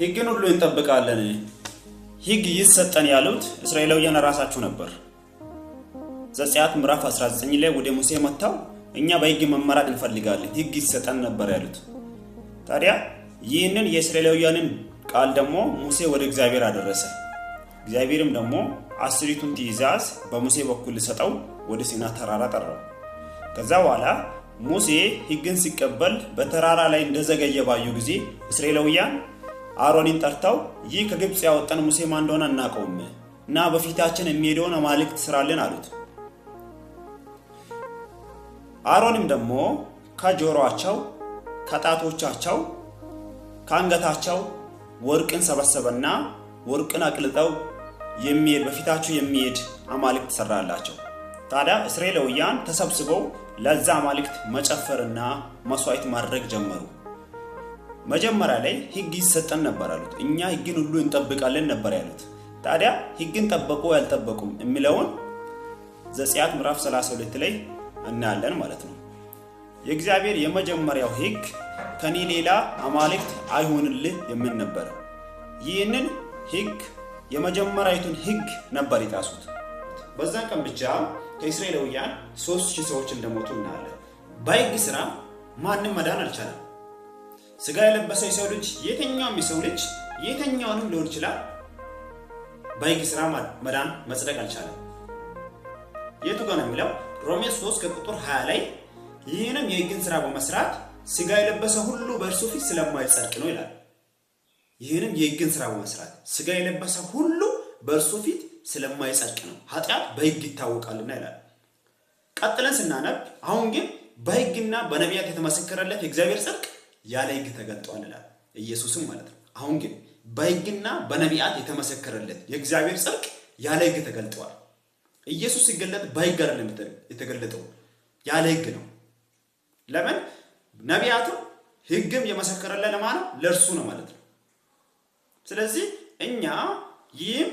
ህግን ሁሉ እንጠብቃለን፣ ሕግ ይሰጠን ያሉት እስራኤላውያን ራሳችሁ ነበር። ዘጽያት ምዕራፍ 19 ላይ ወደ ሙሴ መጥተው እኛ በሕግ መመራት እንፈልጋለን፣ ህግ ይሰጠን ነበር ያሉት። ታዲያ ይህንን የእስራኤላውያንን ቃል ደግሞ ሙሴ ወደ እግዚአብሔር አደረሰ። እግዚአብሔርም ደግሞ አስሪቱን ትእዛዝ በሙሴ በኩል ሰጠው፣ ወደ ሲና ተራራ ጠራው። ከዛ በኋላ ሙሴ ህግን ሲቀበል በተራራ ላይ እንደዘገየ ባዩ ጊዜ እስራኤላውያን አሮኒን ጠርተው ይህ ከግብፅ ያወጣን ሙሴ ማን እንደሆነ አናውቀውም እና በፊታችን የሚሄደውን አማልክት ስራልን አሉት። አሮንም ደግሞ ከጆሮአቸው፣ ከጣቶቻቸው፣ ከአንገታቸው ወርቅን ሰበሰበና ወርቅን አቅልጠው የሚሄድ በፊታቸው የሚሄድ አማልክት ሰራላቸው። ታዲያ እስራኤላውያን ተሰብስበው ለዛ አማልክት መጨፈርና መስዋዕት ማድረግ ጀመሩ። መጀመሪያ ላይ ህግ ይሰጠን ነበር አሉት። እኛ ህግን ሁሉ እንጠብቃለን ነበር ያሉት። ታዲያ ህግን ጠበቁ ያልጠበቁም የሚለውን ዘጸአት ምዕራፍ 32 ላይ እናያለን ማለት ነው። የእግዚአብሔር የመጀመሪያው ህግ ከኔ ሌላ አማልክት አይሆንልህ የሚል ነበር። ይህንን ህግ የመጀመሪያዊቱን ህግ ነበር የጣሱት። በዛ ቀን ብቻ ከእስራኤላውያን ሶስት ሺህ ሰዎች እንደሞቱ እናያለን። በህግ ስራ ማንም መዳን አልቻለም። ስጋ የለበሰ የሰው ልጅ የትኛውም የሰው ልጅ የትኛውንም ሊሆን ይችላል በይግ ስራ መዳን መጽደቅ አልቻለም። የቱ ጋር ነው የሚለው? ሮሜ 3 ከቁጥር 20 ላይ ይህንም የህግን ስራ በመስራት ስጋ የለበሰ ሁሉ በእርሱ ፊት ስለማይጸድቅ ነው ይላል። ይህንም የህግን ስራ በመስራት ስጋ የለበሰ ሁሉ በእርሱ ፊት ስለማይጸድቅ ነው፣ ኃጢአት በህግ ይታወቃልና ይላል። ቀጥለን ስናነብ አሁን ግን በህግና በነቢያት የተመሰከረለት የእግዚአብሔር ጽድቅ ያለ ህግ ተገልጧል ይላል ኢየሱስም ማለት ነው። አሁን ግን በህግና በነቢያት የተመሰከረለት የእግዚአብሔር ጽድቅ ያለ ህግ ተገልጠዋል። ኢየሱስ ሲገለጥ በሕግ አይደለም የተገለጠው፣ ያለ ሕግ ነው። ለምን ነቢያትም ህግም የመሰከረለ ለማን ለእርሱ ነው ማለት ነው። ስለዚህ እኛ ይህም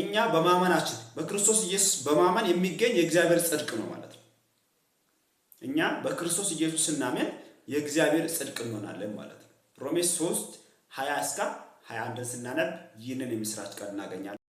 እኛ በማመናችን በክርስቶስ ኢየሱስ በማመን የሚገኝ የእግዚአብሔር ጽድቅ ነው ማለት ነው። እኛ በክርስቶስ ኢየሱስ ስናምን የእግዚአብሔር ጽድቅ እንሆናለን ማለት ነው። ሮሜ 3 20 እስከ 21 ስናነብ ይህንን የምስራች ቃል እናገኛለን።